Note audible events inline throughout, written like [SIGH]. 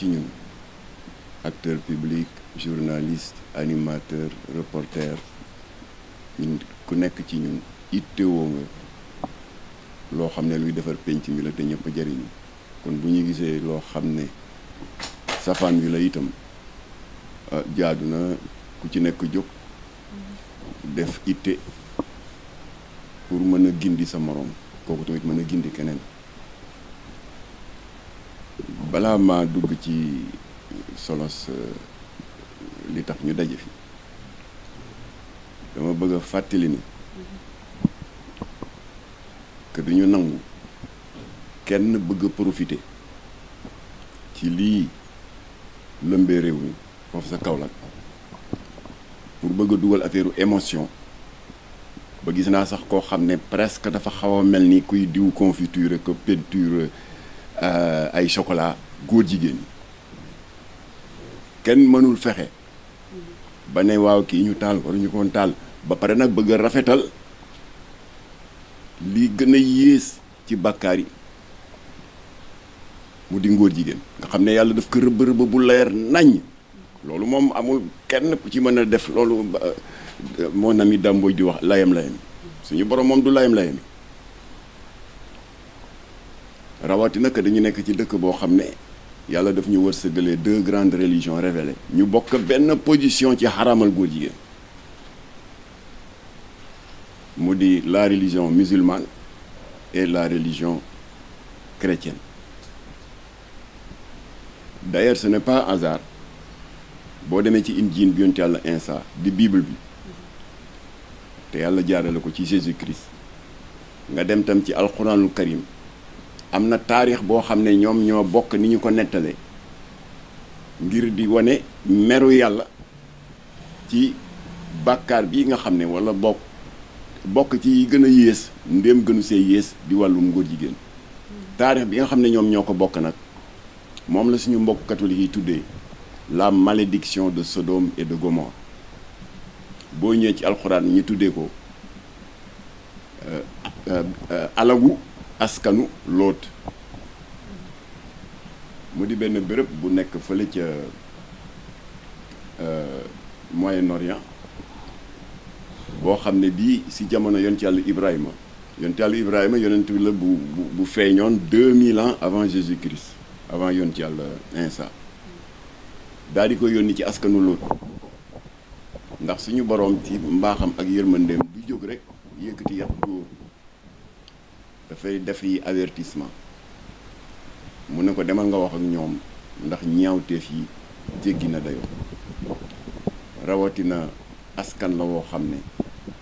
ci ñun acteur public journaliste animateur reporter ñun ku nekk ci ñun ittewoo nga loo xam ne luy defar penc mi la te ñëpp jariñu kon bu ñu gisee loo xam ne safaan wi la itam ah, jaadu na ku ci nekk jóg def itte pour mën a gindi sa moroom kooku tamit mën a gindi keneen balaa maa dugg ci solos euh, li tax ñu daje fi dama bëgg fàttali ni que duñu nangu kenn bëgg a profité ci lii lëmbee réew mi foofu sa Kaolack pour bëgg dugal affaire émotion ba gis naa sax koo xam ne presque dafa xaw a mel ni kuy diw confiture que peinture Euh, ay chocolat góor jigéen ñi kenn mënul fexe ba ne waaw kii ñu taal waruñu koon taal ba pare nag bëgg rafetal li gën a yées ci bàkkaar yi mu di ngóor jigéen nga xam ne yàlla daf ko rëbb rëbb bu leer nañ loolu moom amul kenn ci mën a def loolu euh, euh, mon ami Dame Mbodj di wax layam layam suñu borom moom du layam layam. rawatina que dañu nekk ci dëkk boo xam ne yàlla daf ñu wërsëgalee deux grandes religions révélées ñu bokk benn position ci xaramal goo jigéen mu di la religion musulmane et la religion chrétienne d'ailleurs ce n'est pas hasard boo demee ci injiil bi yonent yàlla instant di bible bi te yàlla jaarale ko ci Jésus Christ nga dem tam ci alxuraanul karim am na taarix boo xam ne ñoom ñoo bokk ni ñu ko nettalee ngir di wane meru yàlla ci bàkkaar bi nga xam ne wala bokk bokk ci yi gën a yées ndéem gënu see yées di wàllum góor jigéen taarix bi nga xam ne ñoom ñoo ko bokk nag moom la suñu mbokk catholique yi tuddee la malédiction de Sodome et de Gomorrhe boo ñëwee ci alxuraan ñu tuddee ko euh, euh, euh, alagu askanu Lóot mu di benn bërëb bu nekk fële ca euh, Moyen-Orient boo xam ne bii si jamono yonent yàlla Ibrahima yonent yàlla Ibrahima yonent bi la bu bu bu feeñoon 2000 ans avant Jésus-Christ avant yonent yàlla Insa daal di ko yónni ci askanu Lóot ndax suñu boroom ci mbaaxam ak yërmandeem du jóg rek yëkkati yat dafay def yi avertissement mu ne ko demal nga wax ak ñoom ndax ñaawteef yi jéggi na dayoo rawatina askan la woo xam ne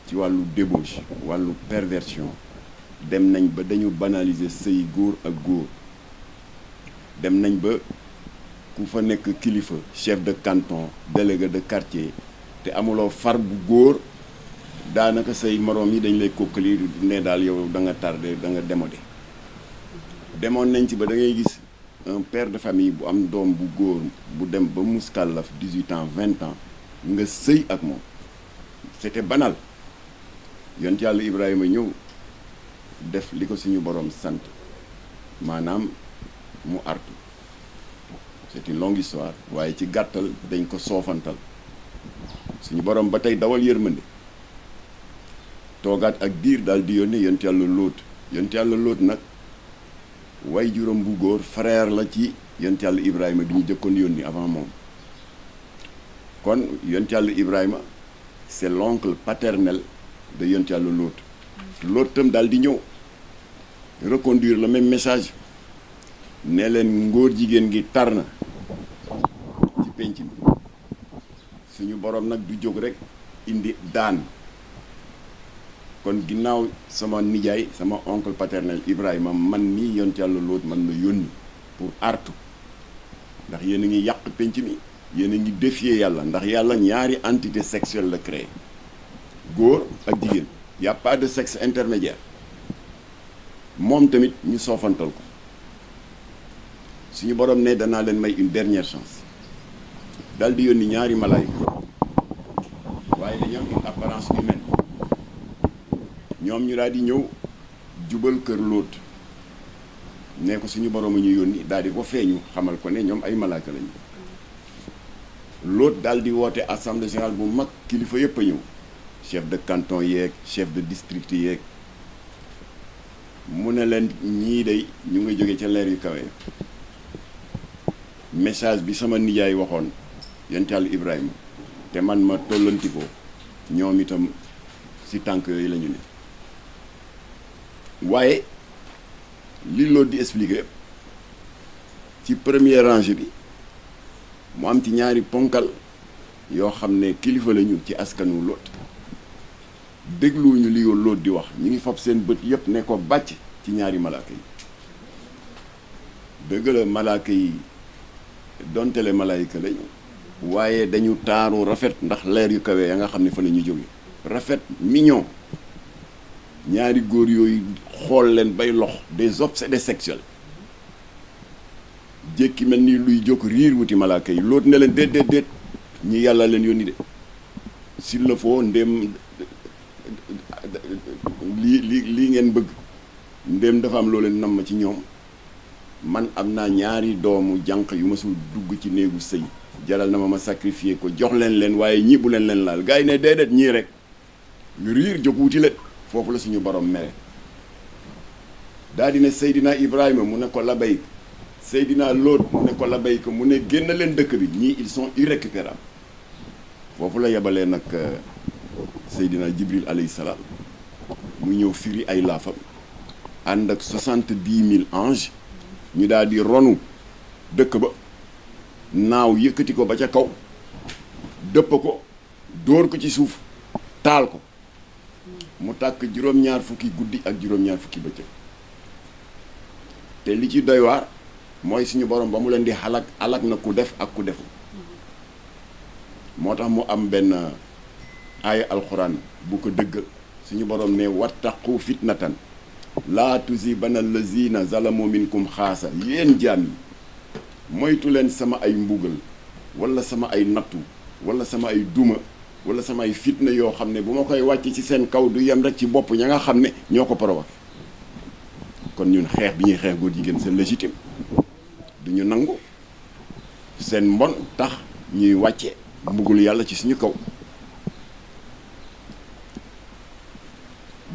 ci wàllu débauche wàllu perversion dem nañ ba dañu banaliser sëy góor ak góor dem nañ ba ku fa nekk kilifa chef de canton délégué de quartier te amuloo far bu góor daanaka say moroom yi dañ lay kokkali ne daal yow da nga tardé da nga démodé demoon nañ ci ba da ngay gis un père de famille bu am doom bu góor bu dem ba muskàllaf 18 ans vingt ans nga sëy ak moom c'était banal yont yàlla Ibrahima ñëw def li ko suñu boroom sant maanaam mu artu c'est une longue histoire waaye ci gàttal dañ ko soofantal suñu boroom ba tey dawal yërmande toogaat ak diir daal di yónnee yonent yàlla lóot yonent yàlla lóot nag way juróom bu góor frère la ci yonent yàlla Ibrahima bi ñu jëkkoon yónni avant moom kon yonent yàlla Ibrahima c'est l'oncle paternel da yonent yàlla lóot lóot tam daal di ñëw reconduire le même message ne leen ngóor jigéen gi tar na ci penc mi suñu borom nag du jóg rek indi daan kon ginnaaw sama nijaay sama oncle paternel Ibrahima man mii yonent yàlla Lóot man la yónni pour artu ndax yéen ngi yàq penc mi yéen a ngi défier yàlla ndax yàlla ñaari entité sexuelle la créé góor ak jigéen y de sexe intermédiaire moom tamit ñu soofantal ko suñu boroom ne danaa leen may une dernière chance daal di yónni ñaari malaayika waaye dañoo am apparence humaine ñoom ñu daal di ñëw jubal kër lóot ne ko suñu borom a ñu yónni daal di ko feeñu xamal ko ne ñoom ay malaaka lañu lóot daal di woote si générale bu mag kilifa yëpp a ñëw chef de canton yeeg chef de district yeeg mu ne leen ñii day ñu nga jóge ca leer yu kawe message bi sama nijaay waxoon yonent Yàlla Ibrahima te man ma tollanti ñoom itam si tànk yooyu la ñu ne waaye lii loolu di expliquer ci première rangée bi mu am ci ñaari ponkal yoo xam ne kilifa lañu ci askanu Lóot dégluwuñu li yow Lóot di wax ñu ngi fab seen bët yépp ne ko bàcc ci ñaari malaaka yi dëgg la malaaka yi donte le malaayka lañu waaye dañu taaru rafet ndax leer yu kawe ya nga xam ne fa la ñu jóge rafet mignon ñaari góor yooyu xool leen bay lox des obsédés sexuels jekki mel ni luy jóg riir wuti malaaka yi loot ne leen déet déet déet ñi yàlla leen yónni de s'il le faut ndéem lii lii ngeen bëgg ndéem dafa am loo nam ma ci ñoom man am naa ñaari doomu jànq yu mësul dugg ci néegu sëy jalal na ma ma sacrifier ko jox leen leen waaye ñii bu leen leen laal gars yi ne déedéet ñii rek riir jóg wuti leen foofu la suñu boroom mere daa ne seydinaa Ibrahima mu ne ko labayk Seydina Lóot mu ne ko labayk mu ne génn leen dëkk bi ñii ils sont irrécupérables foofu la yebalee nag euh, Seydina Jibril alayhi salaam mu ñëw firi ay laafam ànd ak soixante-dix mille anges ñu daldi ronu dëkk ba naaw yëkkati ko ba ca kaw dëpp ko dóor ko ci suuf taal ko mu tàkk juróom-ñaar fukki guddi ak juróom-ñaar fukki bëccëg te li ci doy waar mooy suñu borom ba mu leen di xalak alak na ku def ak ku defu moo tax mu am benn aaya alxuraan bu ko dëggal suñu borom ne wattaqu fitnatan laa tusibanna lazina zalamu minkum xaasa yéen jaam yi moytu leen sama ay mbugal walla sama ay nattu wala sama ay duma wala samay fitna yoo xam ne bu ma koy wàccee ci seen kaw du yem rek ci bopp ña nga xam ne ñoo ko provoqué kon ñun xeex bi ñuy xeex góor jigéen seen légitime du ñu nangu seen mbon tax ñuy wàcce mbugul yàlla ci suñu kaw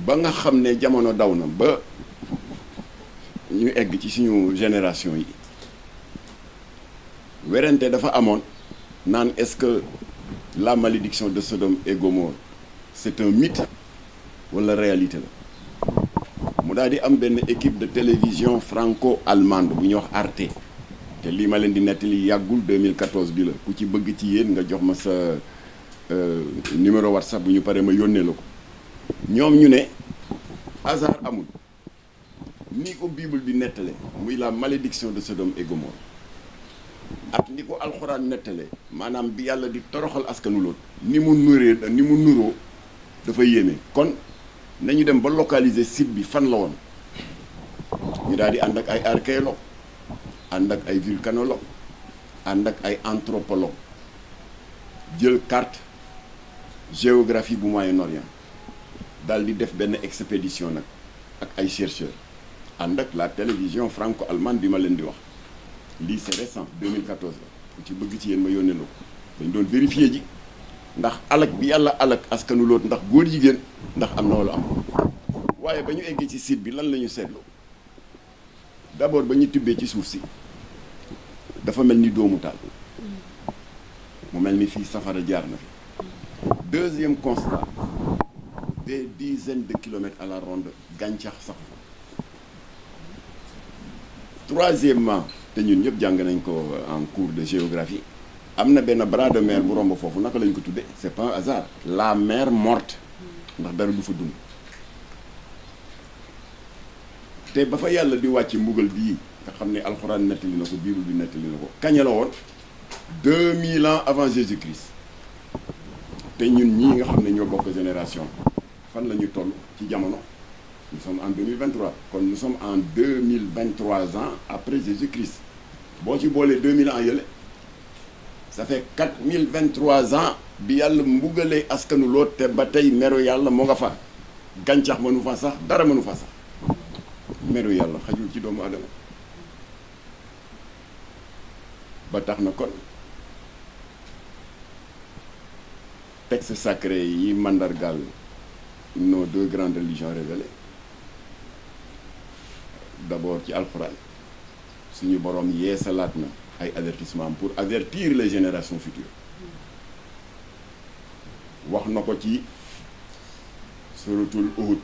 ba nga xam ne jamono daw na ba ñu egg ci suñu génération yi werante dafa amoon naan est-ce que la malédiction de Sodome et Gomorrhe c'est un wala réalité la mu daal di am benn équipe de télévision franco-allemande bu ñu wax Arte te lii ma leen di nettali yàggul 2014 bi la ku ci bëgg ci yéen nga jox ma sa euh, numéro WhatsApp bu ñu paree ma yónnee la ko ñoom ñu ne hasard amul ni ko Bible bi nettale muy la malédiction de sedom et ak ni ko alxuraan nettale maanaam bi yàlla di toroxal askanu Lóot ni mu nuree ni mu nuroo dafa yéeme kon nañu dem ba localiser site bi fan la woon ñu daal di ànd ak ay archéologue ànd ak ay volcanologue ànd ak ay anthropologue jël carte géographie bu Moyen-Orient daal di def benn expédition nag ak ay chercheurs ànd ak la télévision franco-allemande bi ma leen di wax lii c'est récent 2014 la ku ci bëgg ci yéen ma yónnee la ko dañ doon vérifier ji ndax alak bi yàlla alak askanu loot ndax góor jigéen ndax am na wala am waaye ba ñu eggee ci site bi lan la ñu seetlu d'abord ba ñu tibbee ci suuf si dafa mel ni doomu taal mu mel ni fii safara jaar na fi deuxième constat des dizaines de kilomètres à la ronde gàncax sax troisièmement te ñun ñëpp jàng nañ ko en cours de géographie am na benn bras de mer bu romb foofu naka lañu ko tuddee c'est pas un hasard la mer morte ndax dara du fa dund te ba fa yàlla di wàcc mbugal bii nga xam ne alxuraan nettali na ko bible bi nettali na ko kañ la woon deux mille ans avant Jésus-Christ te ñun ñii nga xam ne ñoo bokk génération fan la ñu toll ci jamono nous sommes en 2023 kon nous sommes en 2023 ans après Jésus-Christ boo ci boolee 2000 ans yële ça fait 4023 ans bi yàlla mbugalee askanu loot te ba tey meru yàlla moo nga fa gàncax mënu fa sax dara mënu fa sax meru yàlla xajul ci doomu adama ba tax na kon texte sacré yi mandargal nos deux grandes religions révélées d'abord ci alxuraan suñu boroom yeesalaat na ay avertissement pour avertir les génération futures wax na ko ci suratul Uhud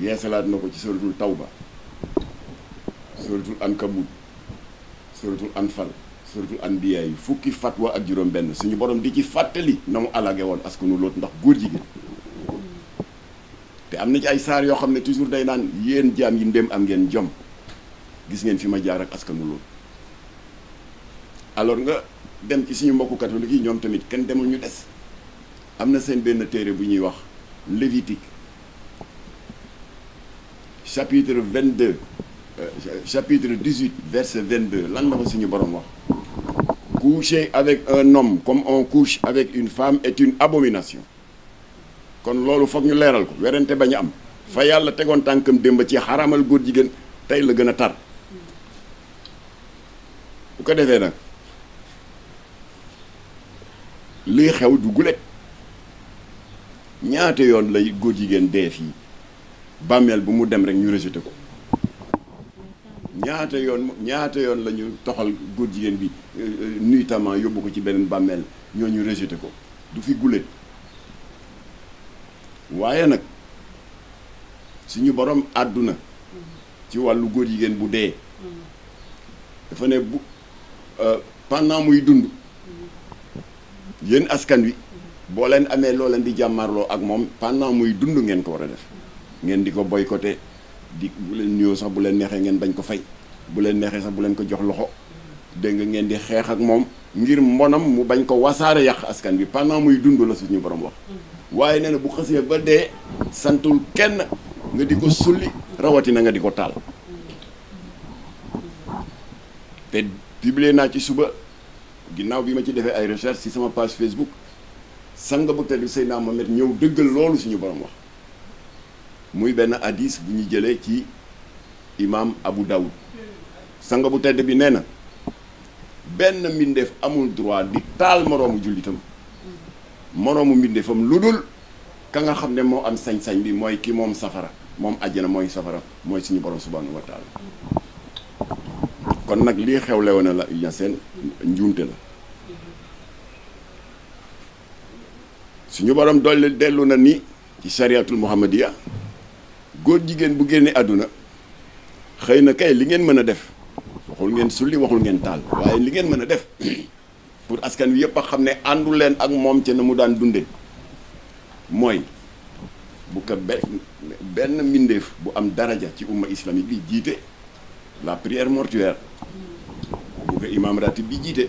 yeesalaat na ko ci suratul Tawba suratul Ankabut suratul Anfal suratul Anbiya yi fukki fatwa ak juróom benn suñu boroom di ci fàttali na mu alage woon askanu Lóot ndax góor jigéen te am na ci ay saar yoo xam ne toujours day naan yéen jaam yi ndéem am ngeen jom gis ngeen fi ma jaar ak askanu loolu alors nga dem ci suñu mbokku catholique yi ñoom tamit kenn demul ñu des am na seen benn téere bu ñuy wax Lévitique chapitre 22 euh, chapitre 18 verset 22 lan la ko suñu borom wax coucher avec un homme comme on couche avec une femme et une abomination kon loolu foog ñu leeral ko werante bañ a am fa yàlla tegoon tànkam démb ci xaramal góor jigéen tey la gën a tar bu ko defee nag lii xew du gulet ñaate yoon lay góor jigéen dee fii bàmmeel bu mu dem rek ñu rejeté ko ñaata yoon lañu toxal góor jigéen bi euh, euh, nuitamment yóbbu ko ci beneen bàmmeel ñoo ñu rejeté ko du fi gulet waaye nag suñu borom àdduna ci wàllu góor yi jigéen bu dee dafa ne bu euh, pendant muy dund yéen askan wi boo leen amee loo leen di jàmmarloo ak moom pendant muy dund ngeen ko war a def ngeen di ko boycotté di bu leen nuyoo sax bu leen neexee ngeen bañ ko fay bu leen neexee sax bu leen ko jox loxo dégg nga ngeen di xeex ak moom ngir mbonam mu bañ ko wasaare yàq askan bi pendant muy dund la suñu borom wax waaye nee na bu xësee ba dee santul kenn nga di ko sulli rawatina nga di ko tàll te publié naa ci suba ginnaaw bi ma ci defee ay recherche ci sama page Facebook sanga bu tedd Seydina Mohamed ñëw dëggal loolu suñu borom wax muy benn hadis bu ñu jëlee ci imam Abu Daoud sanga bu tedd bi nee na benn mbindeef amul droit di taal moroomu jullitam moroomu mbindeefam lu dul ka nga xam ne moo am sañ-sañ bi mooy ki moom safara moom àjjana mooy safara mooy suñu borom subhanahu wa taala kon nag lii xew lewoon na la ña seen la suñu borom dolli dellu na ni ci chariatul muhammadiya góor jigéen bu génne àdduna xëy na kay li ngeen mën a def waxul ngeen sulli waxul ngeen taal waaye li ngeen mën a def [CLEARS THROAT] pour askan wi yëpp a xam ne àndu leen ak moom ca na mu daan dunde mooy bu ko benn mbindeef bu am daraja ci umma islamique bi jiite la prière mortuaire bu ko imam bi jiite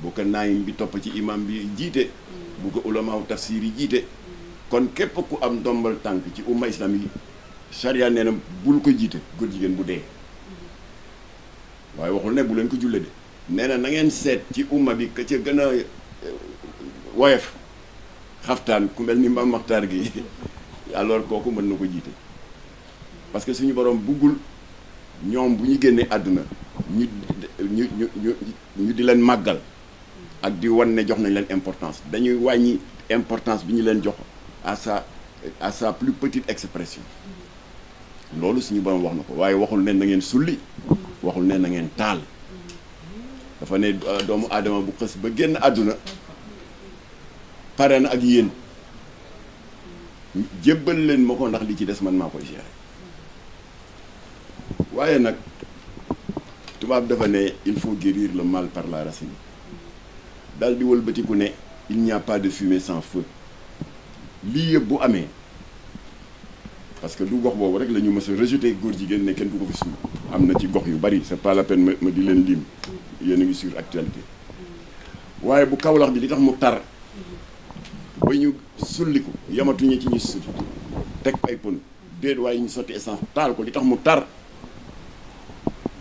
bu ko naayim bi topp ci imam bi jiite bu ko ulamaaw tafsir yi jiite kon képp ku am dombal tànk ci umma islamique yi charia nee bul ko jiite góor jigéen bu dee waaye waxul ne bu leen ko julle de nee na na ngeen seet ci uma bi ka ca gën a euh, woyof xaftaan ku mel ni Mame Makhtar gi [LAUGHS] alors kooku mën na ko jiite parce que suñu borom buggul ñoom bu ñu génnee àdduna ñu ñu ñu ñu di leen màggal ak di wan ne jox nañ leen importance dañuy wàññi importance bi ñu leen jox à sa à sa plus petite expression loolu suñu borom wax na ko waaye waxul ne na ngeen sulli waxul ne na ngeen taal dafa ne euh, doomu aadama bu xës ba génn àdduna pare na ak yéen jébbal leen ma ko ndax li ci des man maa koy gérer waaye nag tubaab dafa ne il faut guérir la mal par la racine daal di wëlbatiku ne il n'y a pas de fumée sans feu lii yëpp bu amee parce que du gox boobu rek la ñu mës a rejeté góor jigéen ne kenn du ko fi suul am na ci gox yu bari c'est pas la peine ma di leen lim yéen a ngi sur actualité waaye bu kawlax bi li tax mu tar ba ñu ko yamatuñu ci ñuy sulli teg ay pën déet waaye ñu sotti essence taal ko li tax mu tar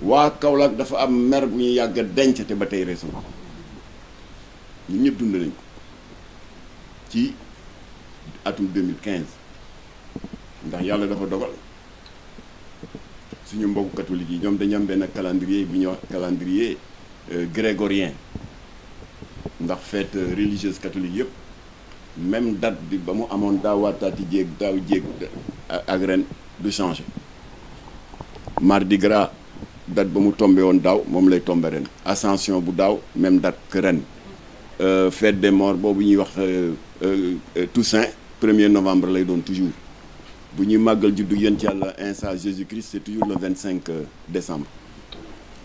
waa Kaolack dafa am mer bu ñuy yàgg a denc te ba tey réseau ñun ñëpp dund nañ ko ci atum 2015. ndax yàlla dafa dogal suñu mbokku catholique yi ñoom dañu am benn calendrier bu ñuy wax calendrier euh, grégorien ndax fête religieuse catholique yëpp même date bi ba mu amoon daawaataati jéeg daaw jéeg ak ren du changé mardi gras date ba mu tombe woon daaw moom lay tombé ren ascension bu daaw même date que ren euh, fête de morts boobu ñuy wax euh, Toussaint premier novembre lay doon toujours bu ñuy màggal juddu yéen ci yàlla Isa Jésus-Christ c'est toujours le 25 euh, décembre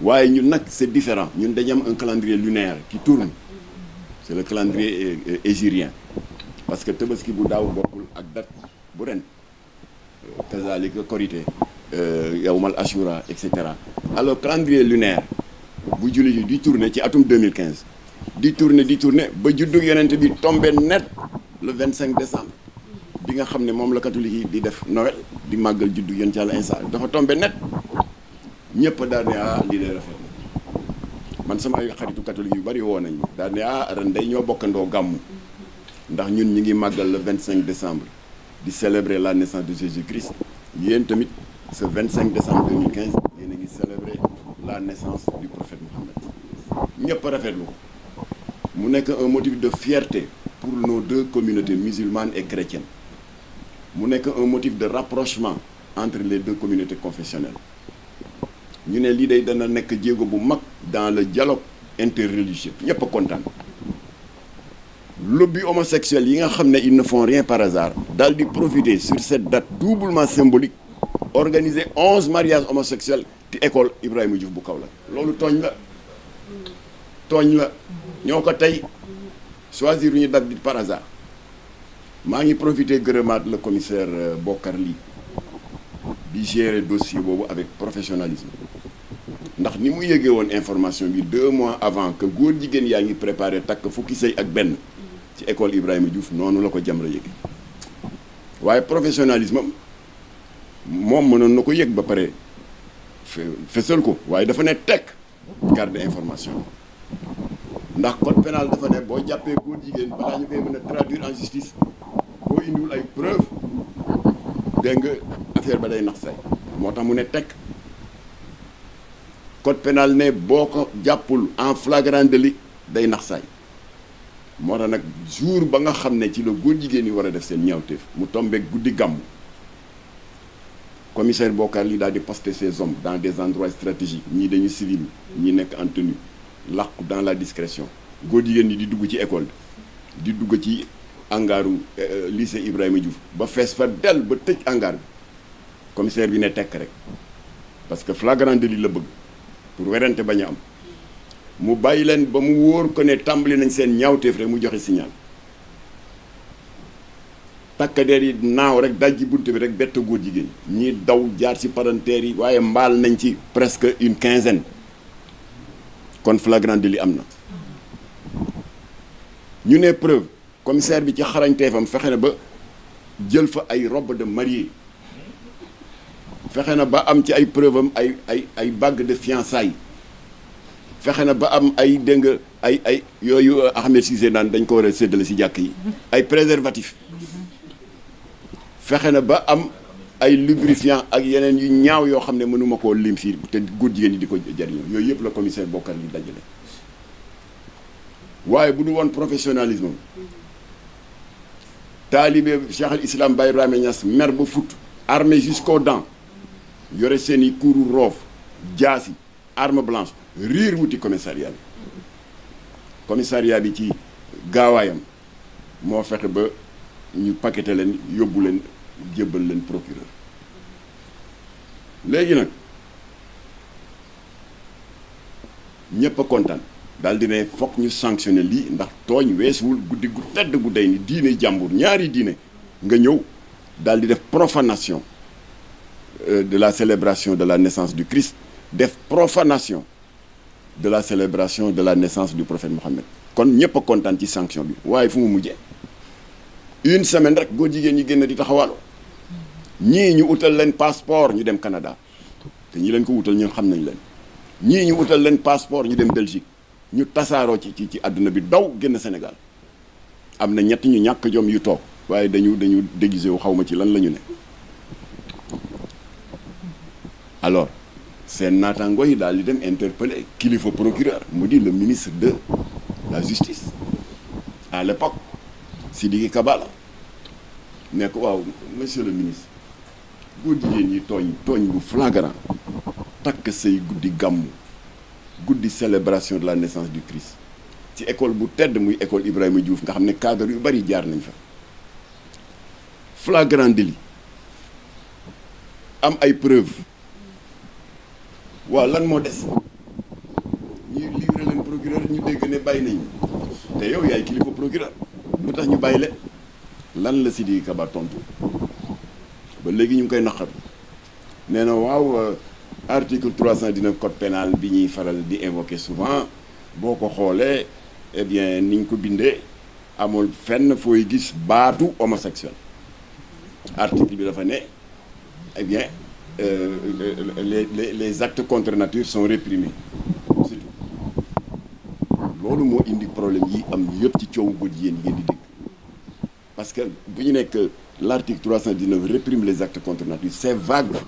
waaye ñun nag c'est différent ñun dañu am un calendrier lunaire qui tourne c'est le calendrier hégirien euh, euh, parce que tabaski bu daaw bokkul ak date bu ren kazalika korité yawmal ashura et cetera alors calendrier lunaire bu julli ji di tourner ci atum 2015 di tourner di tourner ba juddug yonent bi tombé net le vingt 25 décembre bi nga xam ne moom la catholique yi di def Noël di màggal juddu yéen ci yàlla Isa dafa tombé net ñëpp daal ne ah, lii day rafet man sama ay xaritu catholique yu bari woo nañ ma daal ne ah ren day ñoo bokkandoo gàmmu ndax ñun ñu ngi màggal le cinq décembre di célébrer la naissance de Jésus Christ yéen tamit ce cinq décembre 2015 yéen a ngi célébrer la naissance du prophète Mohammed ñëpp rafet ko mu nekk un motif de fierté pour nos deux communautés musulmanes et chrétiennes mu nekk un motif de rapprochement entre les deux communautés confessionnelles ñu ne lii day dana nekk jéego bu mag dans le dialogue interreligieux ñëpp a kontaan lobby homosexuel yi nga xam ne ils ne font rien par hasard daal di profiter sur cette date doublement symbolique organiser onze mariages homosexuels ci école Ibrahima Diouf bu kaw Kaolack loolu tooñ la tooñ la ñoo ko tey choisir ñu date bi par hasard maa ngi profité gërëmaat le commissaire euh, Bokar Ly di gérer dossier boobu avec professionnalisme ndax ni mu yéegee woon information bi deux mois avant que góor jigéen yaa ngi préparé takk fukki sëy ak benn ci école Ibrahima Diouf noonu la ko Jamra yëge waaye professionnalisme moom mënoon na ko yéeg ba pare fesal ko waaye dafa ne tekk garde information ndax code pénal dafa ne boo jàppee góor jigéen balaa ñu koy mën a traduire en justice boo indiwul ay preuve nga affaire ba day nax say moo tax mu ne tekk code pénal ne boo ko jàppul en flagrant day nax say moo tax nag jour ba nga xam ne ci la góor jigéen yi war a def seen ñaawteef mu tombeeg guddi gàmmu commissaire Bokar li daal di poster ses hommes dans des endroits stratégiques ñi dañu civil ñi nekk en làqu dans la discrétion góor jigéen ñi di dugg ci école di dugg ci angaaru eh, eh, lycée Ibrahima Diouf ba fees fa dell ba tëj angaar bi commissaire bi ne tekk rek parce que flagrant délit la bëgg pour werante bañ a am mu bàyyi leen ba mu wóor ko ne tàmbali nañ seen ñaawteef rek mu joxe signal takkadeer yi naaw rek daj ji bunte bi rek bett góor jigéen ñi daw jaar ci palanteer yi waaye mbaal nañ ci presque une quinzaine kon flagrant délit am na ñu ne preuve commissaire bi ci xarañteefam fexe na ba jël fa ay robe de mariée fexe na ba am ci ay preuve am ay ay ay bague de fiançailles fexe na ba am ay dégg ay ay yooyu Ahmed Cissé naan dañ ko war a séddale si jàkk yi ay préservatif fexe na ba am ay lubrifiant ak yeneen yu ñaaw yoo xam ne mënuma koo lim te góor jigéen di ko jariñoo yooyu yëpp la commissaire Bocar li dajale waaye bu du woon professionnalisme taalibe Cheikh al Islam Baye Rahma Niass mer ba fut armé jusqu'aux dents yore seen i kuuru roof jaasi arme blanche riir wuti commissariat bi commissariat bi ci gaawaayam moo fexe ba ñu pakete leen yóbbu leen jébbal leen procureur léegi nag ñëpp a kontaan daal di ne fokk ñu sanctionné lii ndax tooñ weesuwul guddi gu tedd gu day ni diine jàmbur ñaari diine nga ñëw daal di def profanation euh, de la célébration de la naissance du Christ def profanation de la célébration de la naissance du prophète Mohammed kon ñëpp kontaan ci sanction bi waaye fu mu mujjee une semaine rek boo jigéen ñi génn di taxawaaloo ñii ñu utal leen passeport ñu dem Canada te ñi leen ko utal ñoom xam nañ leen ñii ñu utal leen passeport ñu dem Belgique ñu tasaaroo ci ci ci àdduna bi daw génn Sénégal am na ñett ñu ñàkk jom yu toog waaye dañu dañu déguisé wu xaw ma ci lan la ñu ne alors seen naataango yi daal di dem interpeller kilifa procureur mu di le ministre de la justice à l'époque Sidiki Kaba la nekk waaw monsieur le ministre góor jigéen yi tooñ tooñ bu flagrant takk say guddi gàmm guddi célébration de la naissance du Christ ci école bu tedd muy école Ibrahima Diouf nga xam ne cadre yu bari jaar nañ fa flagrant délit am ay preuve waaw lan moo des ñuy livré leen procureur ñu dégg ne bàyyi nañu te yow yaay kilifa procureur lu tax ñu bàyyi le lan la Sidiki Kaba tontu léegi ñu ngi koy naqar nee na waaw euh, article 319 code pénal bi ñuy faral di évoquer souvent boo ko xoolee eh bien niñ ko bindee amul fenn fooy gis baatu homosexuel article bi dafa ne et eh bien euh, les les les actes contre nature sont réprimés surtout loolu moo indi problème yi am yëpp ci coowu ba jigéen yi di dégg. parce que bu ñu nekk l' article 319 réprime les actes contre nature c' est vague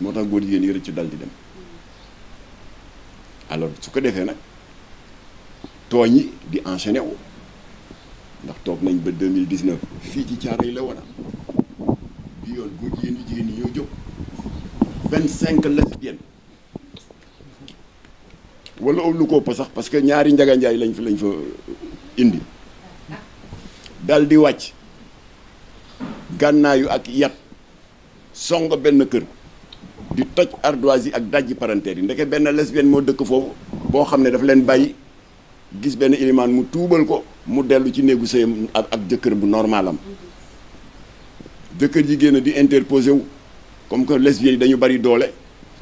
moo tax góor jigéen yi rëcc dal di dem alors su ko defee nag tooñ yi di enchaîné wu ndax toog nañ ba 2019 fii ci caare yi la woon bi yoon góor jigéen ñi jigéen ñi ñoo jóg 25 lesbiennes wala lu ko ëpp sax parce que ñaari njaganjaay lañ fi lañ fa indi. dal di wàcc gànnaayu ak yat song benn kër di toj ardoise yi ak dajji paranteer yi ndeke benn lesbienne moo dëkk foofu boo xam ne dafa leen bàyyi gis benn ilimaan mu tuubal ko mu dellu ci néegu sëyam ak ak jëkkër bu normalam jëkkër jigéen di interposé wu comme que lesbienne yi dañu bari doole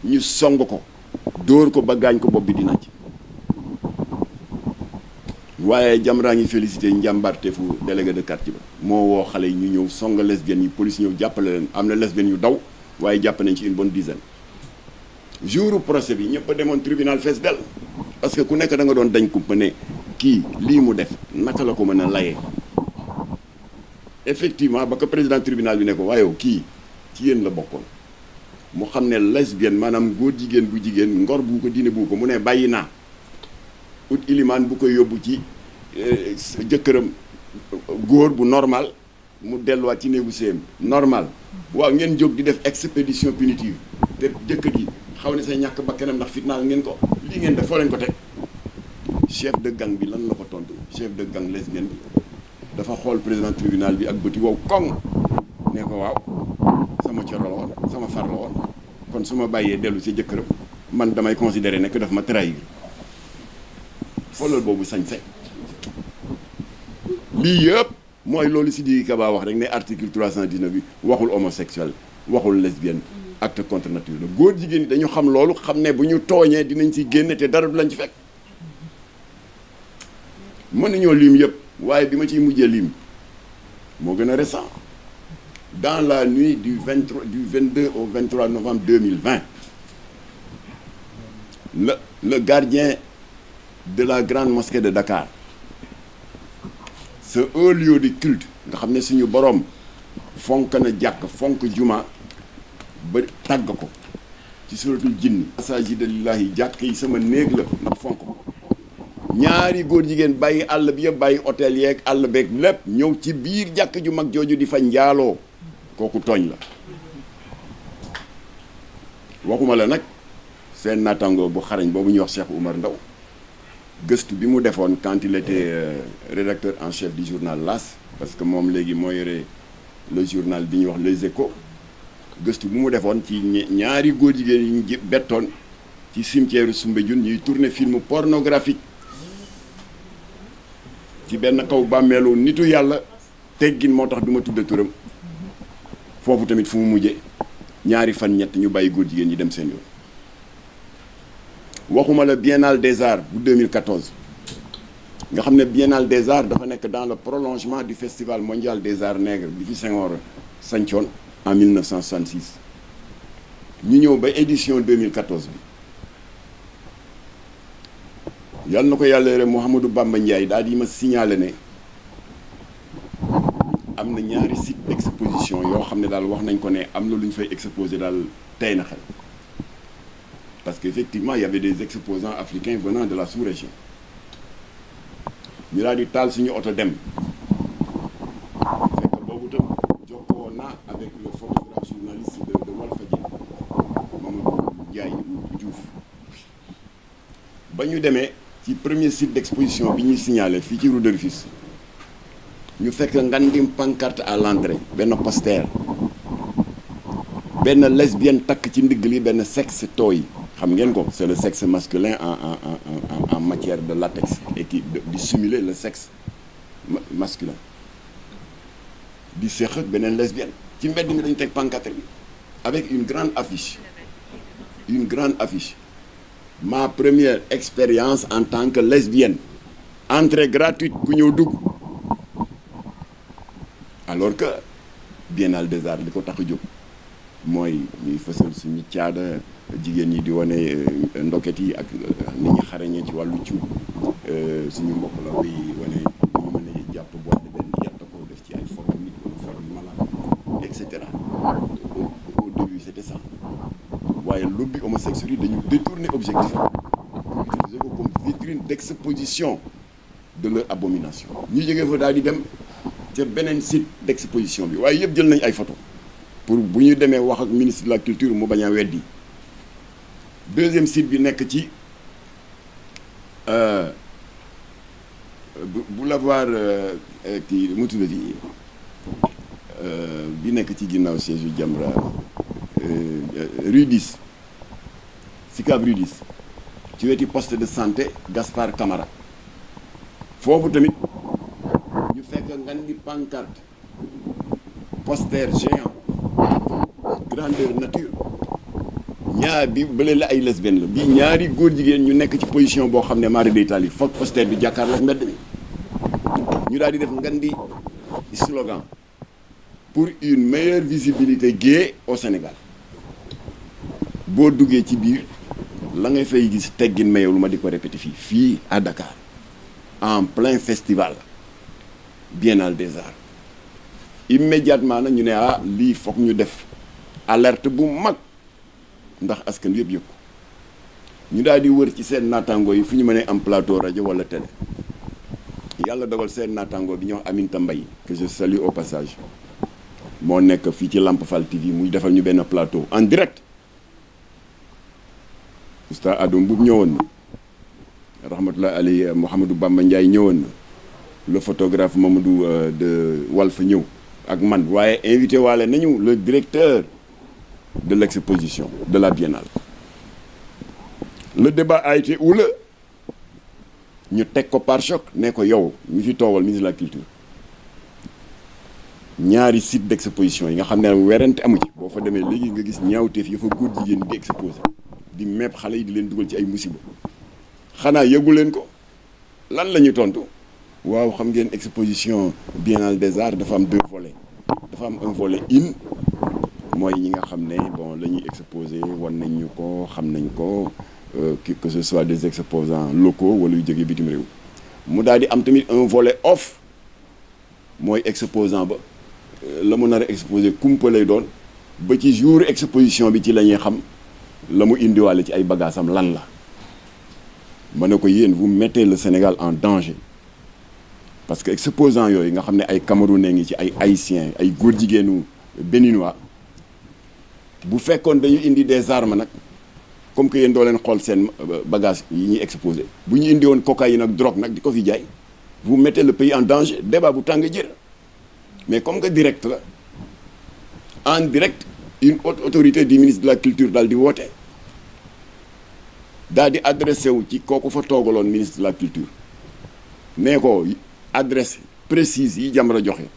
ñu song ko dóor ko ba gaañ ko bopp bi dina ci waaye Jamra ngi félicité njàmbarteefu délégué de quartier ba moo woo xale yi ñu ñëw songa lesbiennes yi police ñëw jàppale leen am na lesbiennes yu daw waaye jàpp nañ ci une bonne dizaine jour procès bi ñëpp demoon tribunal fees del parce que ku nekk da nga doon dañ kumpa ne kii lii mu def naka la ko mën a layee effectivement ba ko président tribunal bi ne ko waaye kii ci yéen la bokkoon mu xam ne lesbienne maanaam góor jigéen bu jigéen ngor bu ko diine bu ko mu ne bàyyi naa ut bu koy yóbbu ci Euh, jëkkëram góor bu normal mu delluwaat ci néegu séem normal waaw ngeen jóg di def expédition punitive te jëkkër ji xaw ne sa ñàkk ba kenam ndax fitnaal ngeen ko lii ngeen def foo leen ko de gang bi lan la ko tontu chef de gang lesbienne bi dafa xool président tribunal bi ak bëti wow koŋ ne ko waaw sama coro la woon sama far la woon kon su ma bàyyee dellu ci jëkkëram man damay considérer ne que daf ma trahir xoolal boobu sañ-sañ lii yëpp mooy loolu si Sidiki Kaba wax rek ne article 319 bi waxul homosexuel waxul lesbienne acte contre nature góor jigéen ñi dañu xam loolu xam ne bu ñu tooñee dinañ ci génn te dara du lañ ci fekk mën nañoo lim yëpp waaye bi ma ciy mujjee lim moo gën a récent dans la nuit du 23 du vingt deux au 23 novembre 2020 le le gardien de la grande mosquée de Dakar c'est un lieu de culte nga xam ne suñu boroom fonk na jàkk fonk juma ba tàgg ko ci suratul jinni masajida lillahi jàkk yi sama néeg la ndax fonk ko ñaari góor jigéen bàyyi àll bi yëpp bàyyi hôtel yeeg àll beeg lépp ñëw ci biir jàkk ju mag jooju di fa njaaloo kooku tooñ la waxuma la nag seen nattangoo bu xarañ boobu ñuy wax Cheikh Oumar Ndaw gëstu bi mu defoon quand il était euh, rédacteur en chef du journal L'As parce que moom léegi moo yore le journal bi ñuy wax Les Échos gëstu bu mu defoon ci ñaari góor jigéen yi ñu bettoon ci cimetière Soumbédioune ñuy tourner film pornographique ci benn kaw bàmmeelu nitu yàlla teggin moo tax du ma tudda turam foofu tamit fu mu mujje ñaari fan ñett ñu bàyyi góor jigéen ñi dem seen yoon waxuma la biennale des arts bu 2014 nga xam ne biennale des arts dafa nekk dans le prolongement du festival mondial des arts nègres bi fi Senghor sancoon en 1966 ñu ñëw ba édition 2014 bi yal na ko yàlla yore Mouhamadou Bamba Ndiaye daal di ma signalé ne am na ñaari site d'exposition yoo xam ne daal wax nañ ko ne am na lu ñu fay exposé daal tey na xel Parce que il y avait des exposants africains venant de la sous-région. ñu daal di taal suñu oto dem fekk boobu tam jokkoo naa avec ba ñu demee ci premier site d'exposition bi ñuy signalé fii ci rue de ñu fekk ngandim pancarte à l'entrée benn poster benn lesbienne takk ci ndigg li benn sexe tooy xam ngeen ko c'est le sexe masculin en en en en matière de latex et qui di simuler le sexe masculin di séq ak beneen lesbienne ci mbedd mi dañu teg pancarte bi avec une grande affiche une grande affiche ma première expérience en tant que lesbienne entrée gratuite ku ñëw dugg alors que Biennale des Arts li ko tax a jóg mooy ñuy fësal suñu caada jigéen ñi di wane euh, ndoket yi ak euh, ni ñu xarañee ci wàllu ciw euh, suñu mbokk la bay wane jàpp boole benn yàtt ko def ci ay forme nit wala forme malade et cetera au début c'était ça waaye lobby homosexuel yi dañu détourner objectif utiliser ko ñu jógee fa daal di dem ca beneen site d'exposition bi waaye yëpp jël nañ ay photo pour bu ñu demee wax ak ministre de la culture mu bañ a weddi deuxième site bi nekk ci euh, boulevard euh, kii mu tuddati euh, bi nekk ci ginnaaw siège yu Jamra rue 10 Sicap ci weti poste de santé Gaspard Camara foofu tamit ñu fekk ngan di pancarte poster géant grandeur nature ñaar bi bële la ay lesbienne la bii ñaari góor jigéen ñu nekk ci position boo xam ne mari day taal yi foog poster bi jàkkaarloo ak mbedd mi ñu daal di def ngan di slogan pour une meilleure visibilité gay au Sénégal boo duggee ci biir la ngay fay gis teggin mayow lu ma di ko répété fii fii à Dakar en plein festival Biennale des Arts immédiatement nag ñu ne ah lii foog ñu def alerte bu mag ndax askan yëpp yëpp ñu daal di wër ci seen naataango yi fi ñu mënee am plateau rajo wala télé yàlla dogal seen naataango bi ñoo Aminta mbay que je salue au passage moo nekk fii ci làmp Fall TV muy defal ñu benn plateau en direct oustaz Adoum Boub ñëwoon na rahmatullah ali Mouhamadou Bamba Ndiaye ñëwoon na le photographe Mamadou euh, de Walf ñëw ak man waaye invité waale nañu le directeur de l'exposition de la biennale le débat a été houleux ñu teg ko par choc ne ko yow ñu fi toowal ministre de la culture ñaari site d'exposition yi nga xam ne werante amu ci boo fa demee léegi nga gis ñaawteef ya fa góor jigéen di exposé di mepp xale yi di leen dugal ci ay musiba xanaa yëgu leen ko lan la ñuy tontu waaw xam ngeen exposition biennale des arts dafa am deux volets dafa am un volet mooy ñi nga xam ne bon la ñuy exposé wan nañ ñu ko xam nañ ko euh, que ce soit des exposants locaux wala yu jógee bitim réew mu daal di am tamit un volet off mooy exposant ba euh, la mu nar exposé kumpa lay doon ba ci jour exposition bi ci la ñuy xam la mu indiwaale ci ay bagaasam lan la ma ne ko yéen vous mettez le Sénégal en danger parce que exposant yooyu nga xam ne ay Camerounais ngi ci ay haïtiens ay góor jigéenu béninois bu fekkoon dañu indi des armes nag comme que yéen doo leen xool seen euh, bagage yi ñuy exposé bu ñu indi woon cocaïne ak drogue nag di ko fi jaay bu mettez le pays en danger débat bu tàng jër mais comme que direct la en direct une autorité di ministre de la culture daal di woote daal di adressé wu ci kooku fa toogaloon ministre de la culture nee ko adresse précise yi Jamra joxe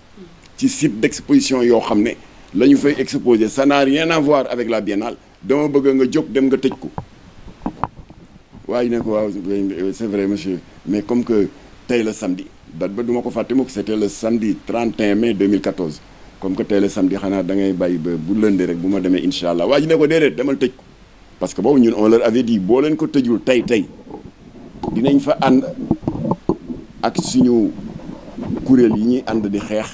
ci site d'exposition yoo xam ne la ñu fay exposé sa naar rien à voir avec la biennale dama bëgg nga jóg dem nga tëj ko waaye ne ko waaw c'est vrai monsieur mais comme que tey la samedi date ba ma ko fàtte mukk c'était le samedi 31 mai 2014 comme que tey la samedi xanaa da ngay bàyyi ba bu lëndee rek bu ma demee incha allah waa ji ne ko déedéet demal tëj ko parce que boobu ñun on leur avait dit boo leen ko tëjul tey tey dinañ fa ànd ak suñu kuréel yi ñuy ànd di xeex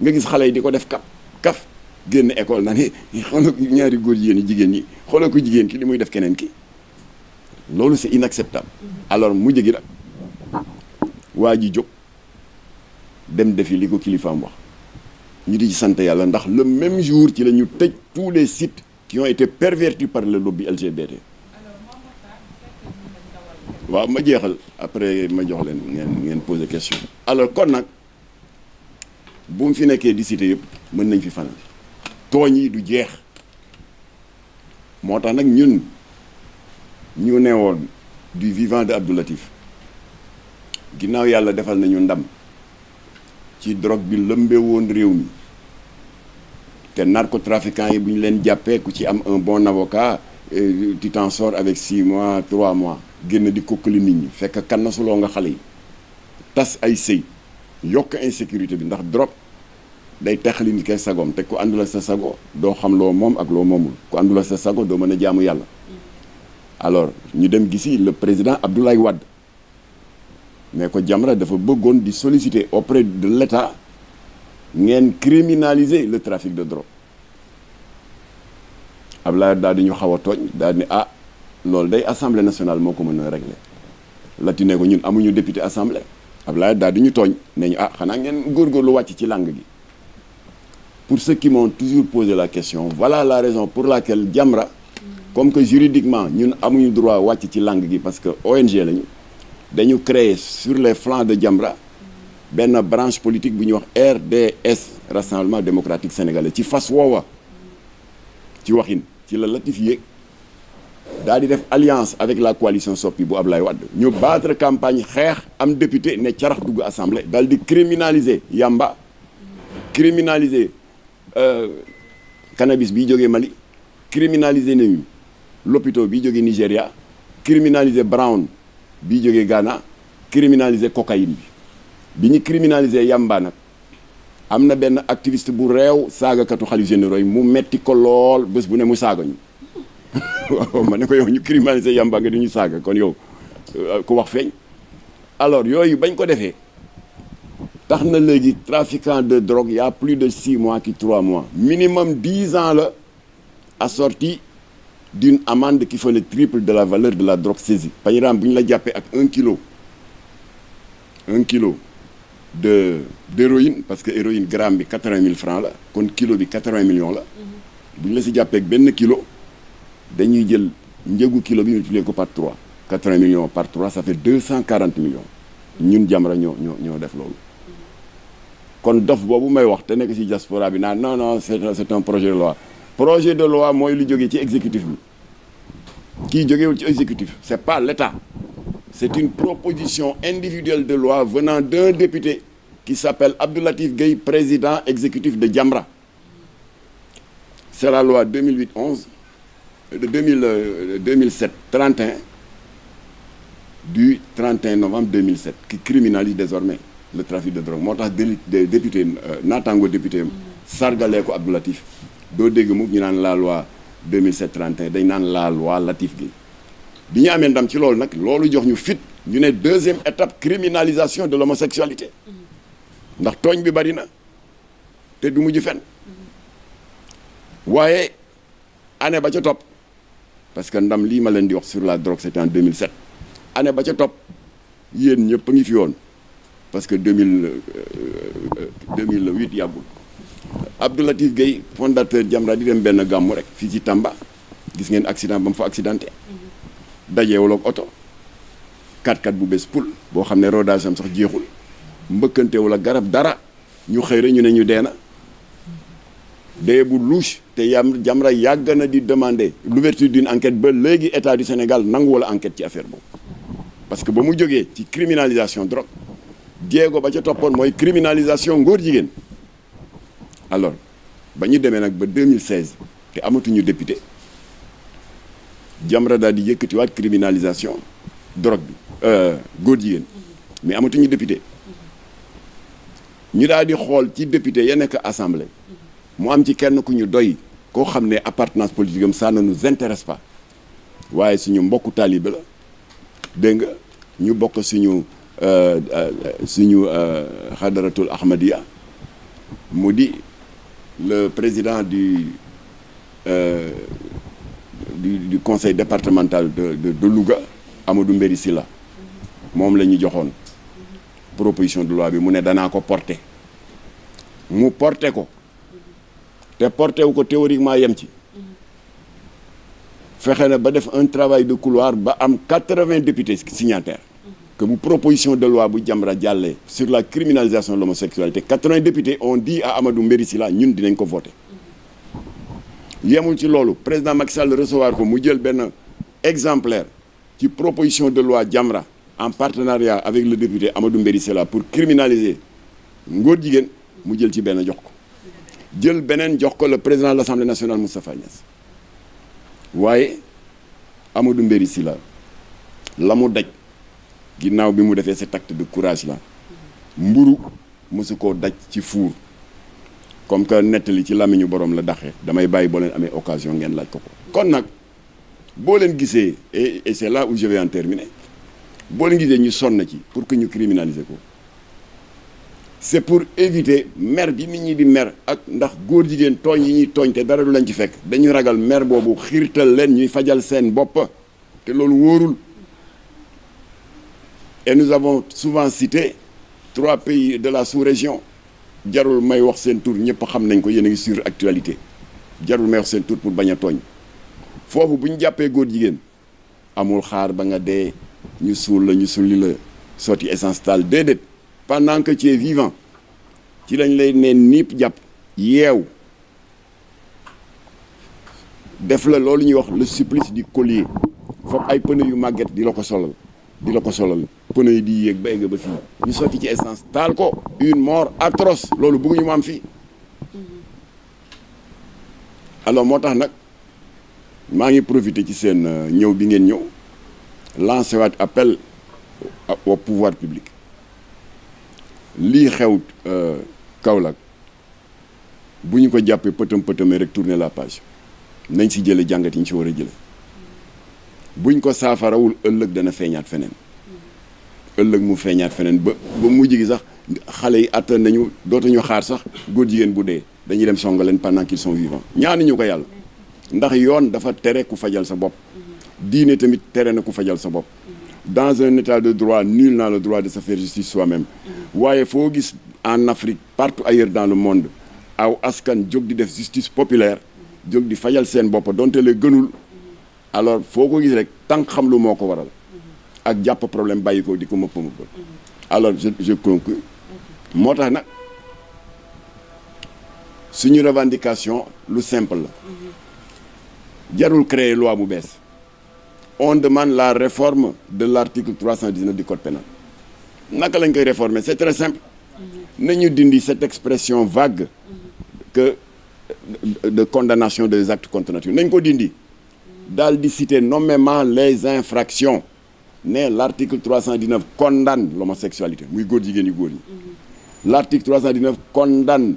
nga gis xale yi di ko def kap kaf génn école na ni xoolal ñaari góor jigéen yi jigéen ñi xoolal ko jigéen ki li muy def keneen ki loolu c'est inacceptable alors mu jëgi nag waa ji jóg dem defi li ko kilifaam wax ñu di ci sant yàlla ndax le même jour ci la ñu tëj tous les sites qui ont été pervertis par le lobby LGBT waaw ma jeexal après ma jox leen ngeen ngeen poser question alors kon nag bu mu fi nekkee di cité yëpp mën nañ fi fanaan tooñ yi du jeex moo tax nag ñun ñu ne du vivant de Abdou Latif ginnaaw yàlla defal nañu ndam ci drogue bi lëmbee woon réew mi te narcotrafiquants yi bu ñu leen jàppee ku ci am un bon avocat euh, tu t'en sors avec six mois trois mois génn di kokkali nit ñi fekk kan na suloo nga xale yi tas ay sëy yokk insécurité bi ndax drogue day teqali nit kay sagoom te ku àndula sa sago doo xam loo moom ak loo moomul ku àndula sa sago doo mën a jaamu yàlla alors ñu dem gisi le président Abdoulaye wàdd mais ko Jamra dafa bëggoon di solliciter auprès de l'État ngeen criminaliser le trafic de drogue Abdoulaye daal di ñu xaw a tooñ daal di ah loolu day assemblée nationale moo ko mën a régler latine ko ñun amuñu député assemblée Abdoulaye daal di ñu tooñ nee ñu ah xanaa ngeen góorgóorlu wàcc ci langue gi pour ceux qui m'ont toujours posé la question voilà la raison pour laquelle Jamra comme que juridiquement ñun amuñu droit wàcc ci lang gi parce que ONG lañu dañu créer sur les flancs de Jamra benn branche politique bu ñuy wax RDS Rassemblement démocratique sénégalais ci fas woowa ci waxin ci la latifié daal di def alliance avec la coalition Soppi bu Ablaye Wade ñu battre campagne xeex am député ne carax dugg assemblée. daal di criminaliser yamba criminaliser euh, cannabis bi jógee Mali criminaliser nañu lopito bi jóge Nigéria criminaliser brown bi jóge Ghana criminaliser cocaïne bi bi ñu criminaliser yamba nag. am na benn activiste bu réew saagakatu xalif généraux yi mu metti ko lool bés bu ne mu saagañu waaw ma ne ko yow ñu criminaliser yamba nga di ñu saaga kon yow euh, ko wax feeñ alors yooyu bañ ko defee tax na léegi trafiquant de drogue y a plus de six mois ki trois mois minimum dix ans la assorti d'une amende qui fait le triple de la valeur de la drogue saisie pañiraam bu ñu la jàppee ak un kilo un kilo de d'héroïne parce que héroïne gramme bi quatre-vingt mille francs la kon kilo bi quatre-vingt millions la mhm. bu ñu la si jàppee benn kilo dañuy jël njëgu kilo bi multiplier ko par 3 80 millions par 3 ça fait 240 millions ñun Jamra ñoo ñoo ñoo def loolu kon dof boobu may wax te nekk ci diaspora bi naan non non c'est c'est un projet de loi projet de loi mooy lu jógee ci exécutif bi kii jógewul ci exécutif c'est pas l'État c'est une proposition individuelle de loi venant d'un député ki s'appelle Abdou Latif Gueye président exécutif de Jamra c'est la loi 2008-11 de 2000 euh, 2007 31 du 31 novembre 2007 qui criminalise désormais le trafic de drogue moo tax député député euh, naataango député sargalee ko Abdou Latif doo dégg mu ñu naan la loi 2007 31 dañ naan laal loi Latif gi bi ñu amee ndam ci loolu nag loolu jox ñu fit ñu ne deuxième étape criminalisation de l'homosexualité ndax tooñ bi bari na te du mujj fen mm-hmm. waaye année ba ca top parce que ndam lii ma leen di wax sur la drogue c'était en 2007 année ba ca topp yéen ñëpp a ngi fi woon parce que 2000 2008 euh, euh, yàggul Abdou Latif Gueye fondateur Jamra di dem benn gàmmu rek fii ci Tamba gis ngeen accident ba mu fa accidenté dajeewul ak oto 4 x bu bés pul boo xam ne rodage am sax jeexul mbëkkantewul ak garab dara ñu xëy rek ñu ne ñu dee na dee bu louche te yam Jamra yàgg na di demander l'ouverture d'une enquête ba léegi état du Sénégal nangu wala enquête ci affaire boobu parce que ba mu jógee ci criminalisation drogue jéego ba ca toppoon mooy criminalisation ngóor jigéen alors ba ñu demee nag ba 2016 te amatuñu député Jamra daal di yëkkatiwaat criminalisation drogue bi euh, góor jigéen mais amatuñu député ñu daal di xool ci député ya nekk assemblée. mu am ci kenn ku ñu doy koo xam ne appartenance politique am ça ne nous waaye suñu mbokku taalibe la dégg nga ñu bokk suñu euh, euh, suñu xadaratul euh, ahmadiya mu di le président du euh, du du conseil départemental de de, de Louga Amadou si la moom la ñu joxoon proposition de loi bi mu ne danaa ko porter mu porter ko. te porté wu ko théoriquement yem ci fexe na ba def un travail de couloir ba am quatre-vingts députés signataires que bu proposition de loi bu Jamra jàllee sur la criminalisation de l'homosexualité quatre-vingts députés ont dit à Amadou Mbéry Sylla ñun dinañ ko voter yemul ci loolu président Macky Sall recevoir ko mu jël benn exemplaire ci proposition de loi Jamra en partenariat avec le député Amadou Mbéry Sylla pour criminaliser ngóor jigéen mu jël ci benn jox ko jël beneen jox ko la président de l'Assemblée nationale Moustapha Niass waaye Amadou Mbéry Sylla la mu daj ginnaaw bi mu defee cet acte de courage la mburu mësu koo daj ci fuur comme que nettali ci làmmiñu borom la daxe damay bàyyi boo leen amee occasion ngeen laaj ko ko kon nag boo leen gisee et c'est là où je en terminer boo leen gisee ñu sonn ci pour que ñu criminaliser ko c'est pour éviter mer bi nit ñi di mer ak ndax góor jigéen tooñ yi ñuy tooñ te dara du lañ ci fekk dañuy ragal mer boobu xiirtal leen ñuy fajal seen boppa te loolu wóorul et nous avons souvent cité trois pays de la sous-région jarul may wax seen tour ñëpp xam nañ ko yéen a ngi sur actualité jarul may wax seen tur pour bañ a tooñ foofu bu ñu jàppee góor jigéen amul xaar ba nga dee ñu suul la ñu sulli la sotti essence taal déedéet. pendant que tu es vivant ci lañ lay neen niip jàpp yeew def la loolu ñuy wax le supplice du collier foog ay pneu yu màgget di la ko solal di la ko solal pneu yi di yéeg ba egg ba fii ñu sotti ci essence taal ko une mort atroce loolu bëgguñu ñu am fii mm-hmm. alors moo tax nag maa ngi profité ci seen euh, ñëw bi ngeen ñëw lancé waat appel au pouvoir public lii xew euh, Kaolack bu ñu ko jàppee pëtëm pëtëmee rek tourner la page nañ si jële jàngat yi ñu si war a jële buñ ko saafarawul ëllëg dana feeñaat feneen ëllëg mu feeñaat feneen ba ba mujj gi sax xale yi àtt nañu dootuñu xaar sax góor jigéen bu dee dañuy dem songa leen pendant qu'ils sont vivants ko yàlla ndax yoon dafa tere ku fajal sa bopp mm-hmm. diine tamit tere na ku fajal sa bopp dans un état de droit nul n'a le droit de se faire justice soi-même waaye foo gis en Afrique partout ailleurs dans le monde aw askan jóg di def justice populaire jóg di fajal seen bopp donte le gënul alors foo ko gis rek tànk xam lu moo ko waral ak jàpp problème bàyyi ko di ko mëpp mëpp alors je je conclus moo tax nag suñu revendication lu simple la jarul créer loi mu bees on demande la réforme de l'article 319 du code pénal naka lañ koy réformer c'est très simple nañu dindi cette expression vague que de condamnation des actes contre nature nañ ko dindi daal di citer nommément les infractions ne l'article 319 condamne l'homosexualité muy góor jigéen yu góor ñi l'article 319 condamne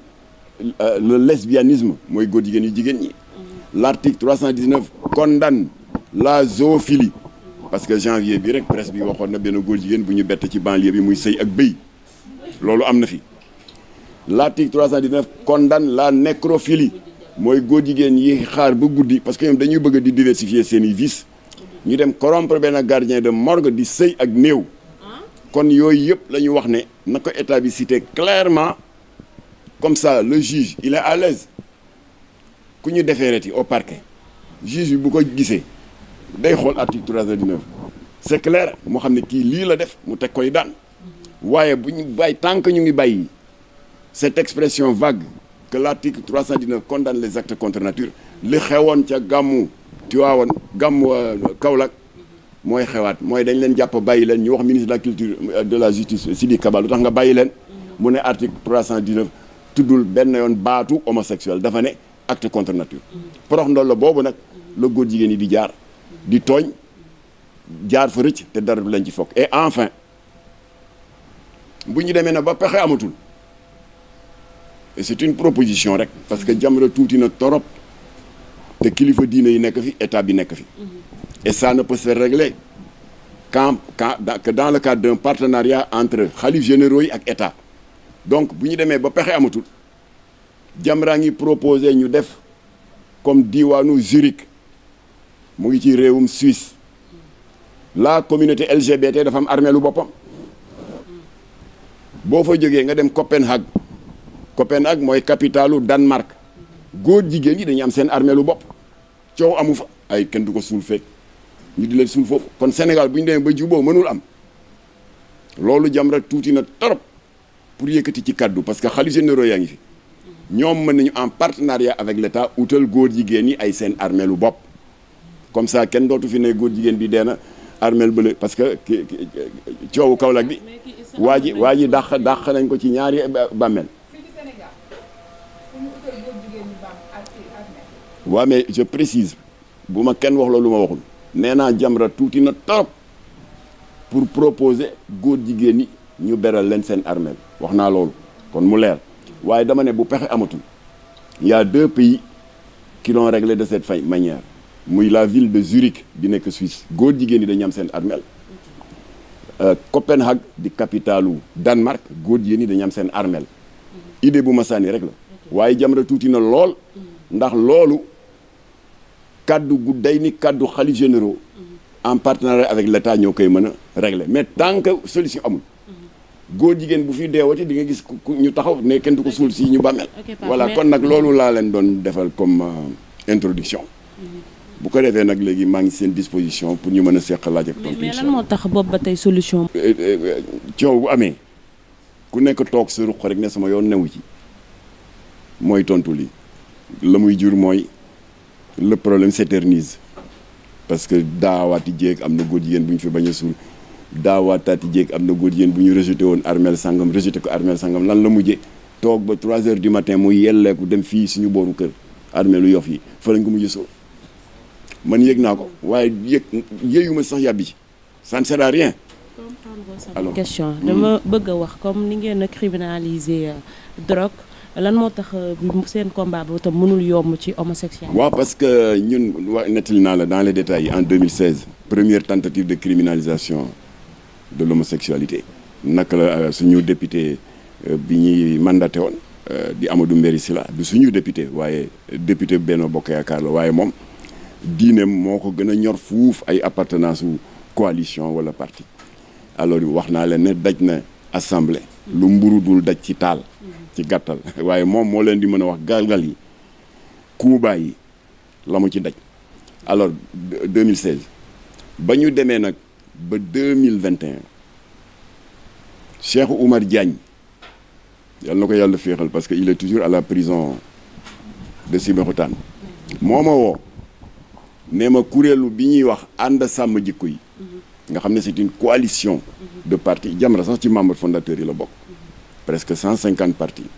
euh, le lesbianisme mooy góor jigéen yu jigéen ñi l'article 319 condamne la zoophilie parce que janvier bi rek presse bi waxoon na benn góor jigéen bu ñu bett ci banlieue bi muy sëy ak bëy loolu am na fi l'article kon condamne la nécrophilie mooy góor jigéen yi xaar ba guddi parce que ñoom dañuy bëgg di diversifier seen i vices ñu dem corrompre benn gardien de morgue di sëy ak néew kon yooyu yëpp la ñu wax ne na ko état bi cité clairement comme ça le juge il est à l'aise ku ñu defee defeereti au parquet juge bi bu ko gisee day xool article 319 c'est clair moo xam ne kii lii la def mu teg koy daan waaye bu ñu bàyyi tant que ñu ngi bàyyi cette expression vague que l'article 319 condamne les actes contre nature li xewoon ca gàmmu Tiwaawan gàmmu euh, Kaolack mooy xewaat mooy dañ leen jàpp bàyyi leen ñu wax ministre de la culture euh, de la justice di Kaba lu tax nga bàyyi leen mu ne article 319 tuddul benn yoon baatu homosexuel dafa ne acte contre nature boobu nag la jigéen yi di jaar di tooñ jaar fa rëcc te dara du lañ ci fokk et enfin bu ñu demee na ba pexe amatul et c'est une proposition rek parce que Jamra tuuti na torop te kilifa diine yi nekk fi état bi nekk fi et ça ne peut se régler quand quand dans le cadre d'un partenariat entre xalif généraux yi ak état donc bu ñu demee ba pexe amatul Jamra ngi proposé ñu def comme diwaanu Zurich mu ngi ci réewum Suisse la communauté LGBT dafa am armeelu boppam boo fa jógee nga dem Copenhague Copenhague mooy capitalu Danemark góor jigéen ñi dañu am seen armeelu bopp coow amu fa ay kenn du ko suul fekk ñu di leen suul foofu kon Sénégal bu ñu demee ba juboo mënul am loolu rek tuuti na torop pour yëkkati ci kaddu parce que xalifa généraux yaa ngi fi ñoom mën nañu en partenariat avec l' utal góor jigéen ñi ay seen armeelu bopp comme sa kenn dootu fi ne góor jigéen bi deena na armel bële parce que coowu Kaolack bi waa ji waa ji dàq dàq nañ ko ci ñaari bàmmeel waa mais je précise bu ma kenn wax loolu ma waxul nee naa Jamra tuuti na torop pour proposer góor jigéen ñi ñu beral leen seen armeel wax naa loolu kon mu leer waaye dama ne bu pexe amatul y a deux pays qui l'ont réglé de cette manière muy la ville de Zurich bi nekk Suisse góor jigéen ñi dañu am seen armeel euh, Copenhague di capitalu Danemark góor jigéen ñi dañu am seen armeel idée bu ma sànni rek la waaye Jamra tuuti na lool mm. ndax loolu kaddu gu day ni kàddu xali généraux mm-hmm. en partenariat avec l'État ñoo koy mën a régler mais tant que solution amul mm-hmm. góor jigéen bu fi deewati di nga gis ku ñu taxaw ne kenn du ko suul si ñu bàmmeel wala kon nag loolu laa leen doon defal comme euh, introduction mm-hmm. bu ko defee nag léegi maa ngi seen disposition pour ñu mën a seq laaj ak tontu. mais lan moo tax boobu ba tey solution. Eh, eh, eh, coow bu amee ku nekk toog sa ruq rek ne sama yoon newu ci mooy tontu li la muy jur mooy le problème s'éternise parce que daawaati jéeg am na góor jigéen bu ñu fi bañ a suul daawaataati jéeg am na góor jigéen bu ñu rejeté woon armel sàngam rejeté ko armel sangam lan la mujjee toog ba 3 heures du matin mu yelleeku dem fii suñu booru kër armelu yof yi fa lañ ko mujj suul. man yéeg naa ko waaye yëg yëyuma sax yàbbi ci ça ne sert à rien. alors question hmm. dama bëgg a wax comme ni ngeen a criminaliser euh, drogue lan moo tax euh, seen combat boobu tam mënul yomb ci homosexuel. waa parce que ñun wa nettali naa la dans les détails en 2016 première tentative de criminalisation de l'homosexualité naka la euh, suñu député bi ñuy mandaté woon di Amadou Mbéry Sylla du suñu député waaye député Benno Bokk Yaakaar la waaye moom. diineem moo ko gën a ñor fuuf ay appartenance wu coalition wala parti alors wax naa leen ne daj na assemblée lu mburu dul daj ci taal ci gàttal [LAUGHS] waaye moom moo leen di mën a wax galgal yi kuubaay yi la mu ci daj alors 2016 ba ñu demee nag ba 2021 Cheikh Oumar Diagne yàlla na ko yàlla féexal parce que il est toujours à la prison de Sébikotane moo ma woo nee ma kuréelu bi ñuy wax ànd sàmm jikko yi mm-hmm. nga xam ne c'est une coalition mm-hmm. de partis Jamra sax ci membre fondateur yi la bokk mm-hmm. presque cent cinquante partis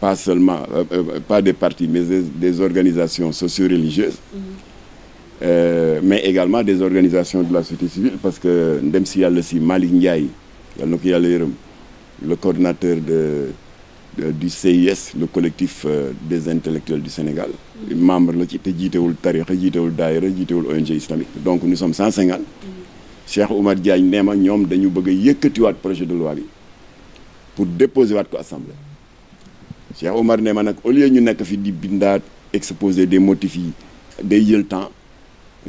pas seulement euh, euh, euh pas des partis mais des, organisations socio-religieuses euh, mais également des organisations de la société civile parce que ndem si yàlla si Malick Ndiaye yàlla na ko yàlla yërëm le coordinateur de Euh, du CIS le collectif euh, des intellectuels du Sénégal membre la ci te jiitewul tarixa jiitewul daayira jiitewul ONG islamique donc nous sommes 150 Cheikh Oumar Diagne nee ma ñoom dañu bëgg a yëkkatiwaat projet de loi bi pour déposer waat ko assemblée Cheikh Oumar nee ma nag au lieu ñu nekk fi di bindaat exposé de motifs yi day jël temps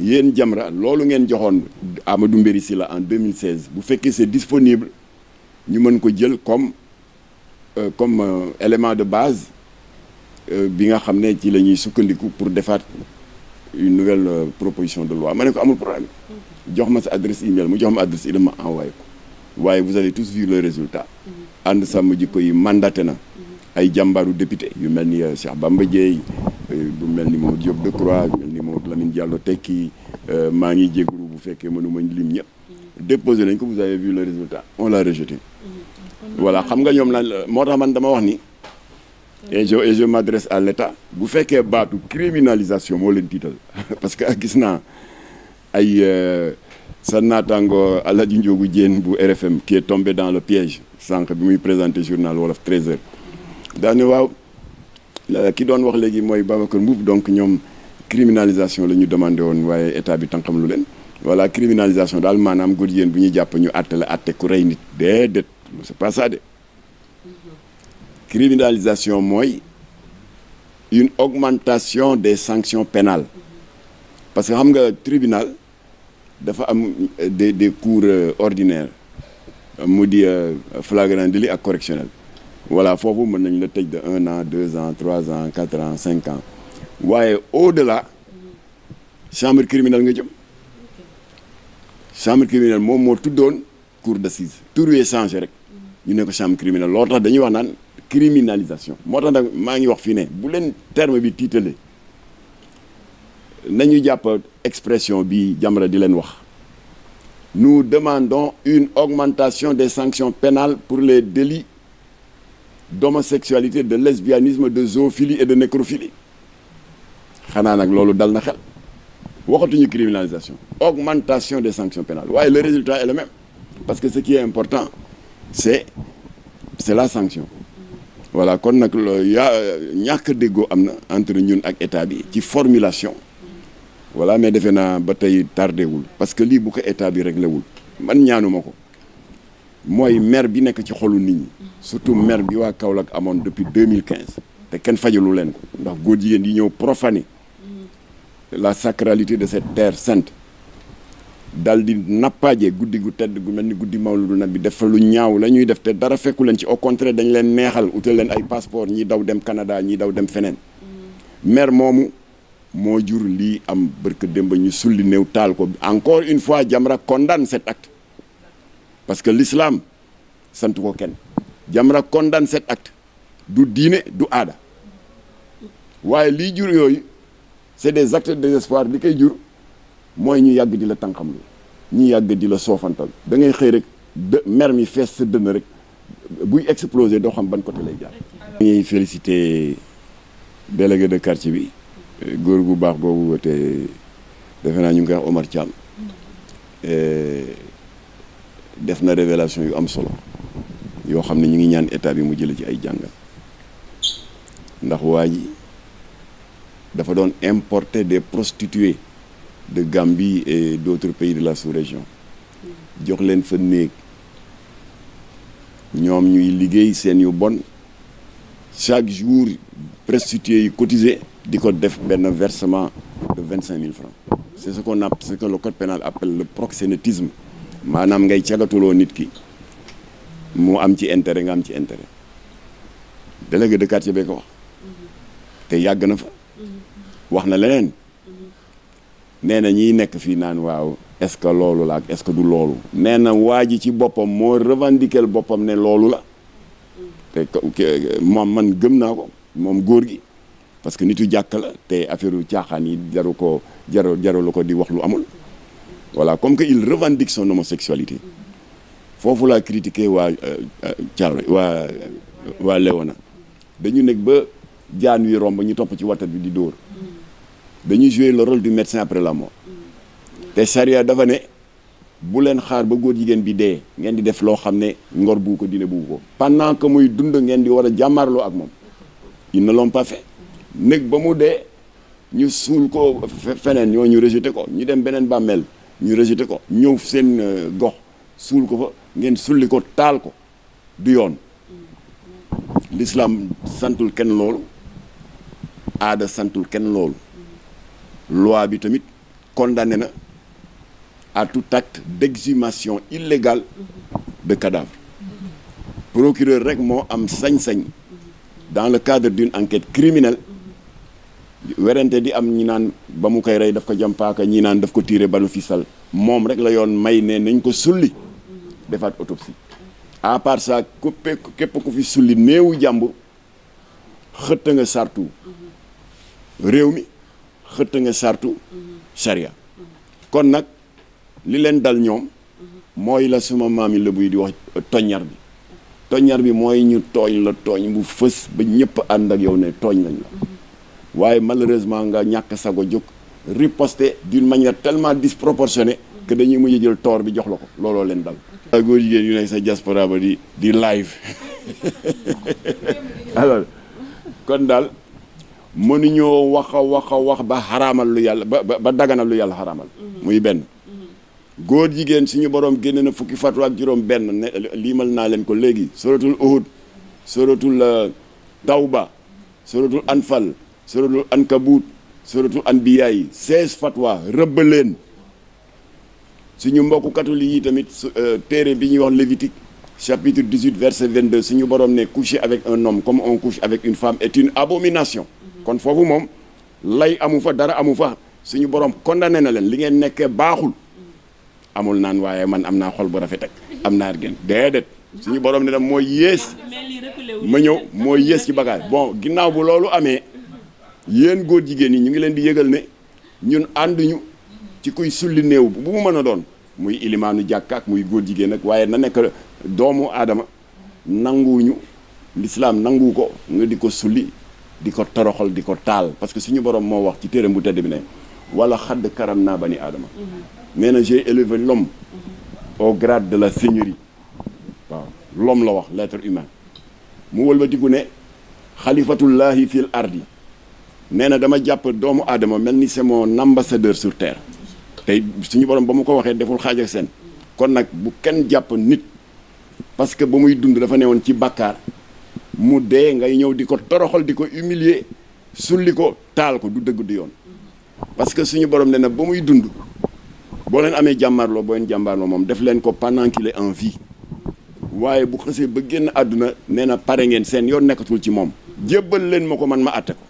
yéen Jamra loolu ngeen joxoon Amadou Mbéry la en 2016 bu fekkee c'est disponible ñu mën ko jël comme Euh, comme euh, élément de base euh, bi nga xam ne ci la ñuy sukkandiku pour defaat une nouvelle proposition de loi ma ne ko amul problème mm-hmm. jox ma sa adresse email mu jox ma adresse email ma envoyé ko waaye vous allez tous vu le résultat ànd mm-hmm. sàmm jikko yi mandaté na mm-hmm. ay jàmbaaru député yu mel ni Cheikh Bamba Dièye bu mel ni Mamadou Diop Decroix bu mel ni Mamadou Lamine Diallo Tekki maa ngi jégalu bu fekkee mënu ma lim ñëpp déposé nañ ko vous avez vu le résultat on l'a rejeté voilà xam nga ñoom la moo tax man dama wax ni et je et je bu fekkee baatu criminalisation moo leen tiital [LAUGHS] parce que gis naa ay euh, sa naataango Alaaji Njoogu Jéen bu RFM qui est dans le piège sànq bi muy présenté journal wolof 13h daane waaw ki doon wax léegi mooy Babacar Mbuub donc ñoom criminalisation la ñu demandé woon waaye état bi tànqam lu leen voilà criminalisation daal maanaam góor jigéen bu ñuy jàpp ñu àtte la àtte ku rey nit c'est pas ça de criminalisation mooy une augmentation des sanctions pénales parce que xam nga tribinal dafa am euh, des des cours euh, ordinaires mu di euh, flagrant délit ak correctionnel voilà foofu mën nañ la tëj de un an deux ans trois ans quatre ans cinq ans waaye au-delà chambre criminelle nga jëm chambre criminelle moom moo tuddoon cour d'assises tur wi changé rek ñu ne ko chambre criminelle loolu tax dañuy wax naan criminalisation moo tax nag maa ngi wax fii ne bu leen terme bi tiitale nañu jàpp expression bi Jamra di leen wax nu demandons une augmentation des sanctions pénale pour les délits d'homosexualité de lesbianisme de zoophilie et de nécrophilie xanaa nag loolu dal na xel waxatuñu criminalisation augmentation des sanctions pénales waaye le résultat est le même parce que ce qui est important c'est c'est la sanction voilà kon nag loolu ñàkk déggoo am na entre ñun ak état bi ci formulation voilà mais defe naa ba tey tardé wul parce que lii bu ko état bi réglé man ñaanuma ko mooy maire bi nekk ci xolu nit ñi surtout maire bi waa Kaolack amoon depuis 2015 te kenn fajalu leen ko ndax góor jigéen yi ñëw profaner la sacralité de cette terre sainte dal di nappaaje guddi gu tedd gu mel ni guddi lu mawludu bi def fa lu ñaaw la ñuy def te dara fekku leen ci au contraire dañ leen neexal utal leen ay passeport ñi daw dem Canada ñi daw dem feneen maire mm. moomu moo jur lii am bërk démb ñu sulli néew taal ko encore une fois Jamra condamne set acte parce que l'islam sant ko kenn Jamra condamne cet acte du diine du aada mm. waaye lii jur yooyu c'est des actes de désespoir li koy jur mooy ñu yàgg di la tànqamlu ñu yàgg di la soofantal da ngay xëy rek de mer mi fees sa dënn rek buy exploser doo xam ban côté lay jaar. ñuy félicité délégué de quartier bi góor gu baax googu te defe naa ñu ngi koy wax Omar mm-hmm. eh, def na révélation yu am solo yoo xam ne ñu ngi ñaan état bi mu jële ci ay jàngal ndax waa ji dafa doon importer des prostituées. de Gambie et d'autres pays de la sous-région jox leen fa néeg ñoom ñuy liggéey seen yu bon chaque jour prostituées yi cotiser di ko def benn versement de vingt cinq mille francs c'est ce qu'on appelle ce que le code pénal appelle le proxénétisme maanaam ngay cagatuloo nit ki mu am ci intérêt nga am ci intérêt délégué de ca bee ko wax te yàgg na fa mm-hmm. wax na leneen nee na ñiy nekk fii naan waaw est-ce que loolu la ak est-ce que du loolu nee na waa ji ci boppam moo revendiquer boppam ne loolu la mm. te moom man gëm naa ko moom góor gi parce que nitu jàkk la te affaire yu caaxaan yi jaru ko jaru jarul ko di wax lu amul voilà comme que il revendique son homosexualité foofu laa critiqué waa euh, euh, waa waa Léona dañu nekk ba jaan wi romb ñu topp ci wattat bi di dóor dañuy jouer le rôle du médecin après la mort te charia dafa ne bu leen xaar ba góor jigéen bi dee ngeen di def loo xam ne ngor bu ko dina bu ko pendant que muy dund ngeen di war a jàmmaarloo ak moom ils ne l'ont néeg ba mu dee ñu suul ko feneen ñoo ñu rejeté ko ñu dem beneen bàmmeel ñu rejeté ko ñëw seen euh, gox suul ko fa ngeen sulli ko taal ko du yoon l'islam santul kenn loolu aada santul kenn loolu loi bi tamit condamné na à tout acte d'exhumation illégale de cadavre procureur rek moo am sañ-sañ dans le cadre d'une enquête criminelle werante di am ñi naan ba mu koy rey daf ko jam paaka ñi naan daf ko tiire balu sal moom rek la yoon may ne nañ ko sulli defaat autopsie à part ça képp ku fi sulli néewu jàmbur xëtt nga sartu réew mi xëtt nga sartu sariya kon nag li leen dal ñoom mooy la suma maam yi la buy di wax toññar bi toññar bi mooy ñu tooñ la tooñ bu fës ba ñëpp ànd ak yow ne tooñ lañ la waaye malheureusement nga ñàkk sago jóg riposter d'une manière tellement disproportionnée que dañuy mujj jël toor bi jox la ko looloo leen dal a ah, góor jigéen yu nekk sa diaspora di di live [LAUGHS] [LAUGHS] kon daal mënuñoo wax a wax a wax ba xaraamal lu yàlla ba ba daganal lu yàlla xaraamal mhm. muy benn mhm. góor jigéen suñu borom génne na fukki fatwa ak juróom benn ne liimal naa leen ko léegi suratul uhud suratul euh, tawba suratul anfal suratul ankabut suratul anbiya yi seize fatwa rëbba leen suñu mbokku catholique yi tamit euh, téere bi ñuy wax lévitique chapitre 18 verset 22 suñu borom ne coucher avec un homme comme on couche avec une femme est une abomination kon foofu moom lay amu fa dara amu fa suñu borom condamné na leen li ngeen nekkee baaxul amul naan waaye man am naa xol bu rafet ak am naa gën déedéet suñu borom ne na mooy yées ma ñëw mooy yées ci bagage bon ginnaaw bu loolu amee yéen góor jigéen ñi ñu ngi leen di yëgal ne ñun ànduñu ci kuy sulli néew bu mu mën a doon muy ilimaanu jàkka muy góor jigéen ak waaye na nekk doomu aadama nanguwuñu lislaam nangu ko nga di ko sulli di ko toroxal di ko taal parce que suñu borom moo wax ci téeram bu tedd bi ne wala xadd karam naa bani aadama mhm. nee na j'ai élevé l'homme mhm. au grade de la seigneurie waaw l'homme la wax l'être humain mu wëlbatiku ne xalifatullahi fil ardi nee na dama jàpp doomu aadama mel ni c'est mon ambassadeur sur terre tey suñu borom ba mu ko waxee deful xaaj ak seen kon nag bu kenn jàpp nit parce que ba muy dund dafa newoon ci bàkkaar mu dee ngay ñëw di ko toroxal di ko humilier sulli ko taal ko du dëgg du yoon parce que suñu borom ne na ba muy dund boo leen amee jàmmaarloo boo leen jàmmaarloo moom def leen ko pendant qu'il en vie waaye bu xësee ba génn àdduna nee na pare ngeen seen yoon nekkatul ci moom jébbal leen ma ko man ma àtte ko